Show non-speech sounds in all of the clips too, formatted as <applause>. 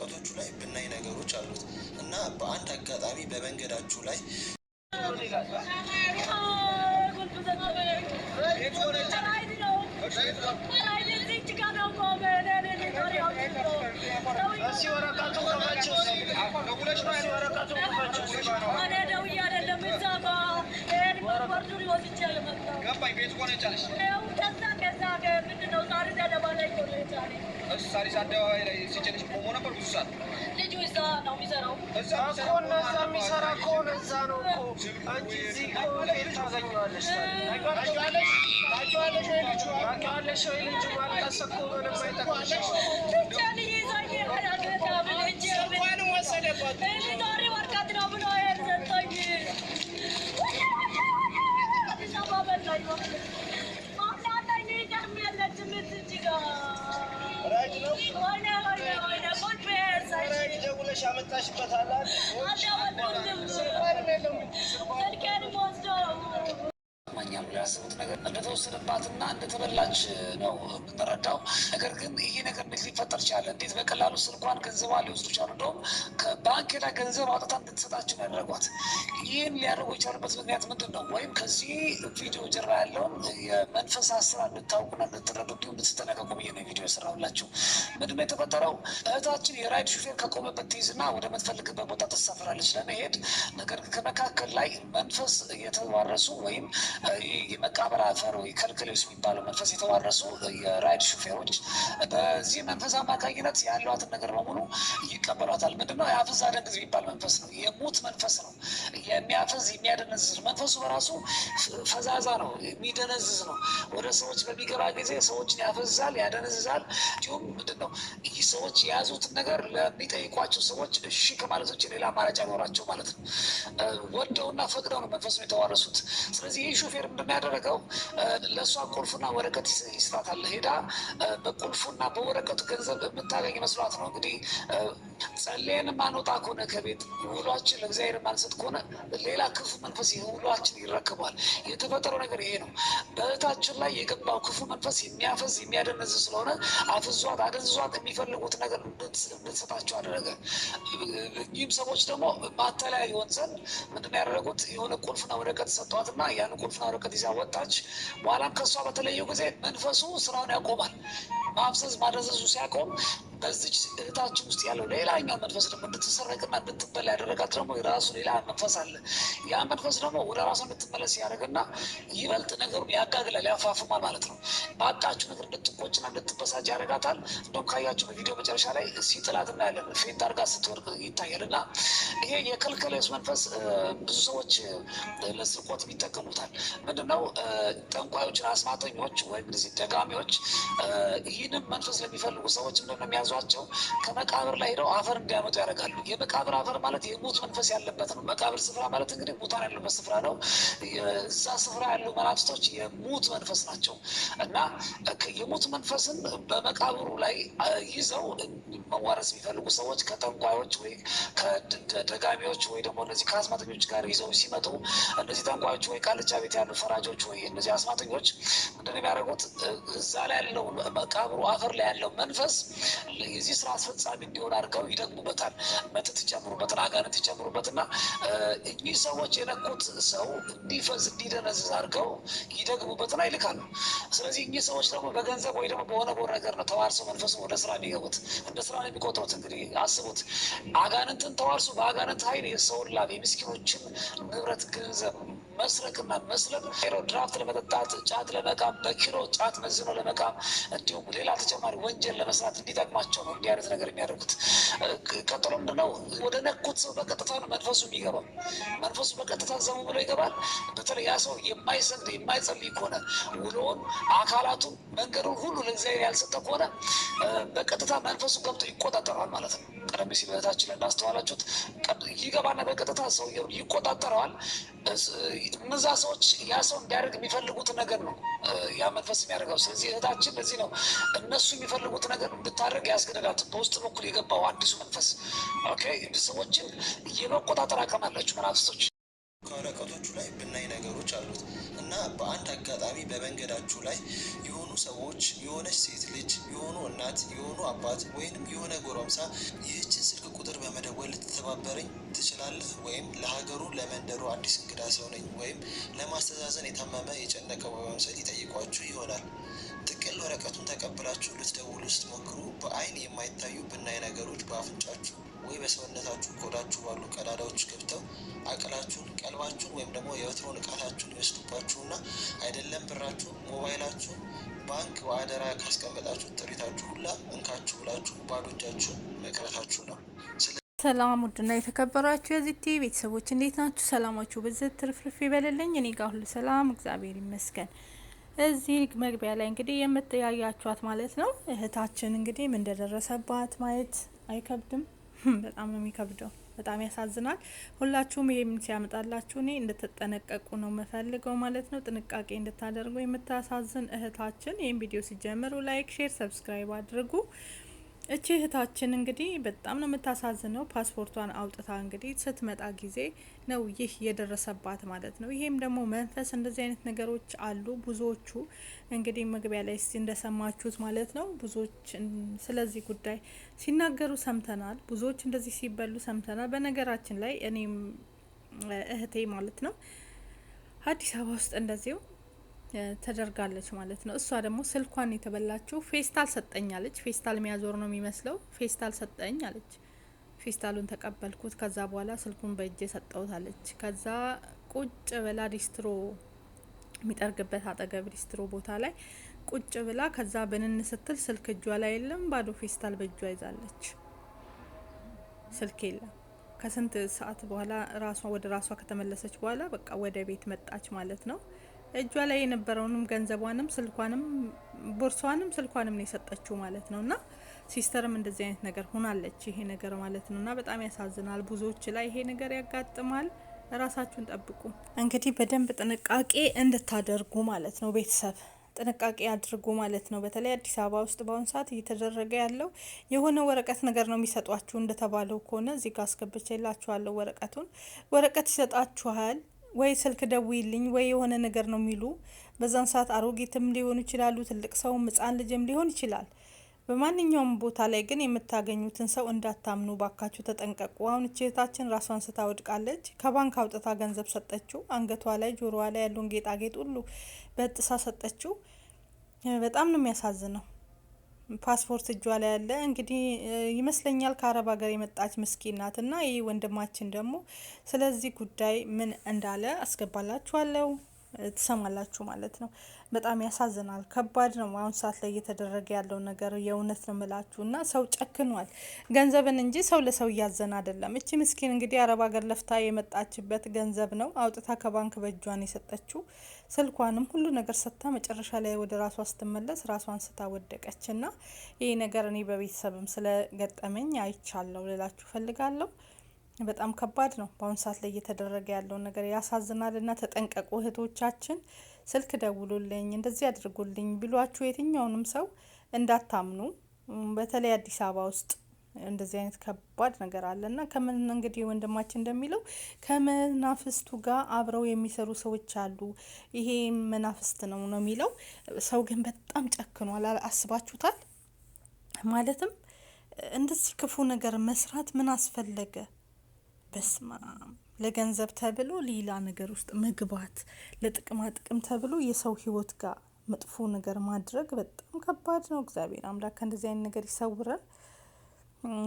ወረቀቶቹ ላይ ብናይ ነገሮች አሉት እና በአንድ አጋጣሚ በመንገዳችሁ ላይ ገባኝ ቤት ሆነ ጫለሽ ከዛ ከዛ ምንድነው ዛሬ ዘደባ ላይ ሆነ ጫለሽ ሳሪስ አደባባይ ላይ ሲጨልሽ ቆሞ ነበር ብዙ ሰዓት። ልጁ እዛ ነው የሚሰራው እኮ እነዛ የሚሰራ ከሆነ እዛ ነው እኮ አንቺ Oh, no, no. እንደተጠባትና እንደተበላች ነው የምንረዳው። ነገር ግን ይሄ ነገር እንዴት ሊፈጠር ቻለ? እንዴት በቀላሉ ስልኳን ገንዘቧ ሊወስዱ ቻሉ? እንደውም ከባንክ ሄዳ ገንዘብ አውጥታ እንድትሰጣቸው ያደረጓት። ይህን ሊያደርጉ የቻሉበት ምክንያት ምንድን ነው? ወይም ከዚህ ቪዲዮ ጀርባ ያለውን የመንፈስ ስራ እንድታውቁና እንድትረዱ እንዲሁም እንድትጠነቀቁ ብዬ ነው ቪዲዮ የሰራሁላችሁ። ምንድን ነው የተፈጠረው? እህታችን የራይድ ሹፌር ከቆመበት ትይዝና ወደ ምትፈልግበት ቦታ ትሳፈራለች ለመሄድ። ነገር ግን ከመካከል ላይ መንፈስ እየተዋረሱ ወይም የመቃብር አፈር ወይ አልክልስ የሚባለው መንፈስ የተዋረሱ የራይድ ሹፌሮች በዚህ መንፈስ አማካኝነት ያለዋትን ነገር በሙሉ ይቀበሏታል። ምንድነው? የአፍዝ አደንግዝ የሚባል መንፈስ ነው። የሙት መንፈስ ነው። የሚያፈዝ የሚያደነዝዝ መንፈሱ በራሱ ፈዛዛ ነው፣ የሚደነዝዝ ነው። ወደ ሰዎች በሚገባ ጊዜ ሰዎችን ያፈዛል፣ ያደነዝዛል። እንዲሁም ምንድነው ይህ ሰዎች የያዙትን ነገር ለሚጠይቋቸው ሰዎች እሺ ከማለት ውጭ ሌላ አማራጭ አይኖራቸው ማለት ነው። ወደውና ፈቅደው ነው መንፈሱ የተዋረሱት። ስለዚህ ይህ ሹፌር እንደሚያደረገው ለእሷ ቁልፉና ወረቀት ይስጣታል። ሄዳ በቁልፉና በወረቀቱ ገንዘብ የምታገኝ መስሏት ነው እንግዲህ። ጸልየን ማንወጣ ከሆነ ከቤት ውሏችን ለእግዚአብሔር ማንሰጥ ከሆነ ሌላ ክፉ መንፈስ ውሏችን ይረክቧል። የተፈጠረው ነገር ይሄ ነው። በእህታችን ላይ የገባው ክፉ መንፈስ የሚያፈዝ የሚያደነዝ ስለሆነ አፍዟት አደንዝዟት የሚፈልጉት ነገር እንድትሰጣቸው አደረገ። ይህም ሰዎች ደግሞ ማተለያ ይሆን ዘንድ ምንድን ያደረጉት የሆነ ቁልፍና ወረቀት ሰጥቷትና ያን ቁልፍና ወረቀት ይዛ ወጣች። በኋላ ከእሷ በተለየው ጊዜ መንፈሱ ስራውን ያቆማል። ማብሰዝ ማደዘዙ ሲያቆም በዚች እህታችን ውስጥ ያለው ሌላኛው መንፈስ ደግሞ እንድትሰረቅና እንድትበላ ያደረጋት ደግሞ የራሱ ሌላ መንፈስ አለ። ያ መንፈስ ደግሞ ወደ ራሱ እንድትመለስ ያደረግና ይበልጥ ነገሩን ያጋግላል፣ ያፋፍማል ማለት ነው። በአጣችሁ ነገር እንድትቆጭና እንድትበሳጭ ያደረጋታል። እንደውም ካያችሁ በቪዲዮ መጨረሻ ላይ ሲጥላት እናያለን። ፌንት አድርጋ ስትወርቅ ይታያል። እና ይሄ የከልከሌዎስ መንፈስ ብዙ ሰዎች ለስርቆት ይጠቀሙታል። ምንድነው ጠንቋዮችን፣ አስማተኞች ወይም ደጋሚዎች ይህንን መንፈስ ለሚፈልጉ ሰዎች ምንድነው የሚያዙ ሲይዟቸው ከመቃብር ላይ ሄደው አፈር እንዲያመጡ ያደርጋሉ። የመቃብር አፈር ማለት የሙት መንፈስ ያለበት ነው። መቃብር ስፍራ ማለት እንግዲህ ሙታን ያሉበት ስፍራ ነው። እዛ ስፍራ ያሉ መናፍስቶች የሙት መንፈስ ናቸው እና የሙት መንፈስን በመቃብሩ ላይ ይዘው መዋረስ የሚፈልጉ ሰዎች ከተንኳዮች ወይ ከደጋሚዎች ወይ ደግሞ እነዚህ ከአስማተኞች ጋር ይዘው ሲመጡ እነዚህ ተንኳዮች ወይ ቃልቻ ቤት ያሉ ፈራጆች ወይ እነዚህ አስማተኞች ምንድን የሚያደርጉት እዛ ላይ ያለው መቃብሩ አፈር ላይ ያለው መንፈስ የዚህ ስራ አስፈጻሚ እንዲሆን አድርገው ይደግሙበታል። መተት ይጨምሩበትና አጋንንት ይጨምሩበትና እኚህ ሰዎች የነኩት ሰው እንዲፈዝ እንዲደነዝዝ አድርገው ይደግሙበትና ይልካሉ። ስለዚህ እኚህ ሰዎች ደግሞ በገንዘብ ወይ ደግሞ በሆነ ቦ ነገር ነው ተዋርሰው መንፈሱ ወደ ስራ የሚገቡት እንደ ስራ ነው የሚቆጥሩት። እንግዲህ አስቡት፣ አጋንንትን ተዋርሱ በአጋንንት ኃይል የሰውን ላብ የምስኪኖችን ንብረት ገንዘብ መስረቅ መመስረቅ፣ ሄሮ ድራፍት ለመጠጣት ጫት ለመቃም በኪሎ ጫት መዝኖ ለመቃም እንዲሁም ሌላ ተጨማሪ ወንጀል ለመስራት እንዲጠቅማቸው ነው እንዲህ ነገር የሚያደርጉት። ቀጥሎ ምንድነው ወደ ነኩት ሰው በቀጥታ ነው መንፈሱ የሚገባው። መንፈሱ በቀጥታ ዘሙ ብሎ ይገባል። በተለይ ያ ሰው የማይሰግድ የማይጸልይ ከሆነ ውሎውን፣ አካላቱን፣ መንገዱን ሁሉ ለእግዚአብሔር ያልሰጠ ከሆነ በቀጥታ መንፈሱ ገብቶ ይቆጣጠረዋል ማለት ነው። ቀደም ሲል እህታችን እንዳስተዋላችሁት ይገባና በቀጥታ ሰው ይቆጣጠረዋል። ድርጊት እነዛ ሰዎች ያ ሰው እንዲያደርግ የሚፈልጉት ነገር ነው ያ መንፈስ የሚያደርገው። ስለዚህ እህታችን ለዚህ ነው እነሱ የሚፈልጉት ነገር እንድታደርግ ያስገደዳት በውስጥ በኩል የገባው አዲሱ መንፈስ ሰዎችን የመቆጣጠር አቅም አላችሁ መናፍስቶች። ከወረቀቶቹ ላይ ብናይ ነገሮች አሉት እና በአንድ አጋጣሚ በመንገዳችሁ ላይ የሆኑ ሰዎች፣ የሆነች ሴት ልጅ፣ የሆኑ እናት፣ የሆኑ አባት ወይንም የሆነ ጎረምሳ ይህችን ስልክ ቁጥር በመደወል ልትተባበረኝ ትችላለህ ወይም ለሀገሩ ለመንደሩ አዲስ እንግዳ ሰው ነኝ ወይም ለማስተዛዘን የታመመ የጨነቀ በመምሰል ይጠይቋችሁ ይሆናል። ጥቅል ወረቀቱን ተቀብላችሁ ልትደውሉ ስትሞክሩ በአይን የማይታዩ ብናይ ነገሮች በአፍንጫችሁ ወይ በሰውነታችሁ ቆዳችሁ ባሉ ቀዳዳዎች ገብተው አቅላችሁን ቀልባችሁን ወይም ደግሞ የወትሮ ንቃታችሁን ይወስዱባችሁና አይደለም ብራችሁ ሞባይላችሁ ባንክ በአደራ ካስቀመጣችሁ ጥሪታችሁ ሁላ እንካችሁ ብላችሁ ባዶ እጃችሁን መቅረታችሁ ነው። ሰላም ውድና የተከበራችሁ የዚቲ ቤተሰቦች እንዴት ናችሁ? ሰላማችሁ ብዝት ትርፍርፍ ይበልልኝ። እኔ ጋር ሁሉ ሰላም እግዚአብሔር ይመስገን። እዚህ መግቢያ ላይ እንግዲህ የምትያያችኋት ማለት ነው እህታችን እንግዲህ ምን እንደደረሰባት ማየት አይከብድም። <laughs> በጣም ነው የሚከብደው በጣም ያሳዝናል። ሁላችሁም ይህም ሲያመጣላችሁ እኔ እንድትጠነቀቁ ነው የምፈልገው ማለት ነው። ጥንቃቄ እንድታደርጉ የምታሳዝን እህታችን። ይህም ቪዲዮ ሲጀምሩ ላይክ፣ ሼር፣ ሰብስክራይብ አድርጉ። እቺ እህታችን እንግዲህ በጣም ነው የምታሳዝነው። ፓስፖርቷን አውጥታ እንግዲህ ስትመጣ ጊዜ ነው ይህ የደረሰባት ማለት ነው። ይሄም ደግሞ መንፈስ እንደዚህ አይነት ነገሮች አሉ። ብዙዎቹ እንግዲህ መግቢያ ላይ እንደሰማችሁት ማለት ነው ብዙዎች ስለዚህ ጉዳይ ሲናገሩ ሰምተናል። ብዙዎች እንደዚህ ሲበሉ ሰምተናል። በነገራችን ላይ እኔም እህቴ ማለት ነው አዲስ አበባ ውስጥ እንደዚሁ ተደርጋለች ማለት ነው። እሷ ደግሞ ስልኳን የተበላችው ፌስታል ሰጠኝ አለች። ፌስታል የሚያዞር ነው የሚመስለው። ፌስታል ሰጠኝ አለች። ፌስታሉን ተቀበልኩት። ከዛ በኋላ ስልኩን በእጄ ሰጠውት አለች። ከዛ ቁጭ ብላ ዲስትሮ የሚጠርግበት አጠገብ ዲስትሮ ቦታ ላይ ቁጭ ብላ ከዛ ብንን ስትል ስልክ እጇ ላይ የለም፣ ባዶ ፌስታል በእጇ ይዛለች። ስልክ የለም። ከስንት ሰዓት በኋላ ራሷ ወደ ራሷ ከተመለሰች በኋላ በቃ ወደ ቤት መጣች ማለት ነው። እጇ ላይ የነበረውንም ገንዘቧንም ስልኳንም ቦርሷንም ስልኳንም ነው የሰጠችው ማለት ነው። እና ሲስተርም እንደዚህ አይነት ነገር ሆናለች ይሄ ነገር ማለት ነው። እና በጣም ያሳዝናል። ብዙዎች ላይ ይሄ ነገር ያጋጥማል። ራሳችሁን ጠብቁ እንግዲህ በደንብ ጥንቃቄ እንድታደርጉ ማለት ነው ቤተሰብ ጥንቃቄ አድርጉ ማለት ነው። በተለይ አዲስ አበባ ውስጥ በአሁኑ ሰዓት እየተደረገ ያለው የሆነ ወረቀት ነገር ነው የሚሰጧችሁ። እንደተባለው ከሆነ እዚህ ጋር አስገብቼ ላችኋለሁ። ወረቀቱን ወረቀት ይሰጣችኋል። ወይ ስልክ ደውይልኝ ወይ የሆነ ነገር ነው የሚሉ በዛን ሰዓት አሮጌትም ሊሆኑ ይችላሉ፣ ትልቅ ሰውም ህጻን ልጅም ሊሆን ይችላል። በማንኛውም ቦታ ላይ ግን የምታገኙትን ሰው እንዳታምኑ ባካችሁ ተጠንቀቁ። አሁን እህታችን ራሷን ስታ ወድቃለች። ከባንክ አውጥታ ገንዘብ ሰጠችው። አንገቷ ላይ፣ ጆሮዋ ላይ ያለውን ጌጣጌጥ ሁሉ በጥሳ ሰጠችው። በጣም ነው የሚያሳዝነው። ፓስፖርት እጇ ላይ ያለ እንግዲህ ይመስለኛል ከአረብ ሀገር የመጣች ምስኪን ናት። እና ይህ ወንድማችን ደግሞ ስለዚህ ጉዳይ ምን እንዳለ አስገባላችኋለሁ። ትሰማላችሁ ማለት ነው። በጣም ያሳዝናል። ከባድ ነው። አሁን ሰዓት ላይ እየተደረገ ያለው ነገር የእውነት ነው ምላችሁ እና ሰው ጨክኗል። ገንዘብን እንጂ ሰው ለሰው እያዘን አይደለም። እቺ ምስኪን እንግዲህ አረብ ሀገር ለፍታ የመጣችበት ገንዘብ ነው አውጥታ ከባንክ በእጇን የሰጠችው ስልኳንም ሁሉ ነገር ሰጥታ መጨረሻ ላይ ወደ ራሷ ስትመለስ ራሷን ስታ ወደቀች እና ይህ ነገር እኔ በቤተሰብም ስለገጠመኝ አይቻለሁ ልላችሁ ፈልጋለሁ። በጣም ከባድ ነው። በአሁኑ ሰዓት ላይ እየተደረገ ያለውን ነገር ያሳዝናል እና ተጠንቀቁ እህቶቻችን። ስልክ ደውሉልኝ፣ እንደዚህ አድርጉልኝ ቢሏችሁ የትኛውንም ሰው እንዳታምኑ። በተለይ አዲስ አበባ ውስጥ እንደዚህ አይነት ከባድ ነገር አለ እና ከምን እንግዲህ ወንድማችን እንደሚለው ከመናፍስቱ ጋር አብረው የሚሰሩ ሰዎች አሉ። ይሄ መናፍስት ነው ነው የሚለው ሰው ግን በጣም ጨክኗል። አስባችሁታል? ማለትም እንደዚህ ክፉ ነገር መስራት ምን አስፈለገ? በስማ ለገንዘብ ተብሎ ሌላ ነገር ውስጥ መግባት፣ ለጥቅማ ጥቅም ተብሎ የሰው ህይወት ጋር መጥፎ ነገር ማድረግ በጣም ከባድ ነው። እግዚአብሔር አምላክ ከእንደዚህ አይነት ነገር ይሰውረን።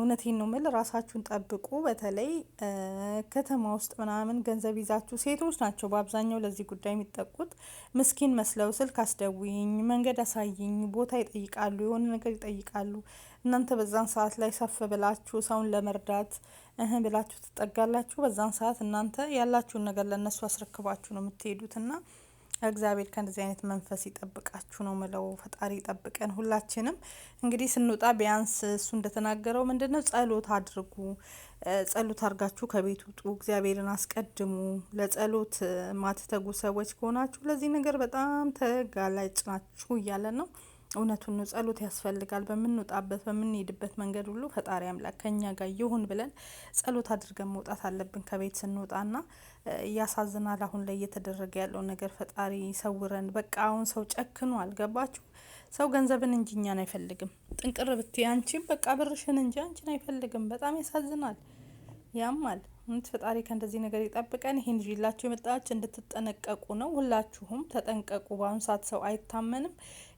እውነቴን ነው ምል ራሳችሁን ጠብቁ። በተለይ ከተማ ውስጥ ምናምን ገንዘብ ይዛችሁ ሴቶች ናቸው በአብዛኛው ለዚህ ጉዳይ የሚጠቁት። ምስኪን መስለው ስልክ አስደውኝ፣ መንገድ አሳይኝ፣ ቦታ ይጠይቃሉ፣ የሆነ ነገር ይጠይቃሉ። እናንተ በዛን ሰዓት ላይ ሰፍ ብላችሁ ሰውን ለመርዳት እህ ብላችሁ ትጠጋላችሁ። በዛን ሰዓት እናንተ ያላችሁን ነገር ለእነሱ አስረክባችሁ ነው የምትሄዱት እና እግዚአብሔር ከእንደዚህ አይነት መንፈስ ይጠብቃችሁ ነው ምለው። ፈጣሪ ይጠብቀን ሁላችንም። እንግዲህ ስንወጣ ቢያንስ እሱ እንደተናገረው ምንድን ነው ጸሎት አድርጉ። ጸሎት አድርጋችሁ ከቤት ውጡ። እግዚአብሔርን አስቀድሙ። ለጸሎት ማትተጉ ሰዎች ከሆናችሁ ለዚህ ነገር በጣም ተጋላጭ ናችሁ እያለ ነው። እውነቱን ነው። ጸሎት ያስፈልጋል። በምንወጣበት በምንሄድበት መንገድ ሁሉ ፈጣሪ አምላክ ከኛ ጋር ይሁን ብለን ጸሎት አድርገን መውጣት አለብን ከቤት ስንወጣና ያሳዝናል። አሁን ላይ እየተደረገ ያለው ነገር ፈጣሪ ይሰውረን። በቃ አሁን ሰው ጨክኖ አልገባችሁ። ሰው ገንዘብን እንጂ እኛን አይፈልግም። ጥንቅር ብትይ አንቺም በቃ ብርሽን እንጂ አንቺን አይፈልግም። በጣም ያሳዝናል፣ ያማል። ፈጣሪ ከእንደዚህ ነገር ይጠብቀን። ይህን ይዤላችሁ የመጣች እንድትጠነቀቁ ነው። ሁላችሁም ተጠንቀቁ። በአሁኑ ሰዓት ሰው አይታመንም።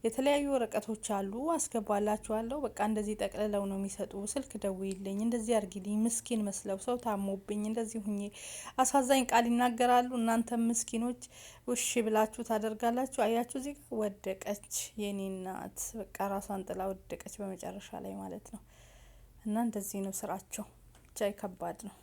የተለያዩ ወረቀቶች አሉ፣ አስገባላችኋለሁ። በቃ እንደዚህ ጠቅልለው ነው የሚሰጡ። ስልክ ደውይልኝ፣ እንደዚህ አርጊልኝ፣ ምስኪን መስለው ሰው ታሞብኝ፣ እንደዚህ ሁኜ አሳዛኝ ቃል ይናገራሉ። እናንተ ምስኪኖች ውሽ ብላችሁ ታደርጋላችሁ። አያችሁ፣ እዚህ ጋር ወደቀች የኔ እናት፣ በቃ ራሷን ጥላ ወደቀች በመጨረሻ ላይ ማለት ነው። እና እንደዚህ ነው ስራቸው። ብቻ ከባድ ነው።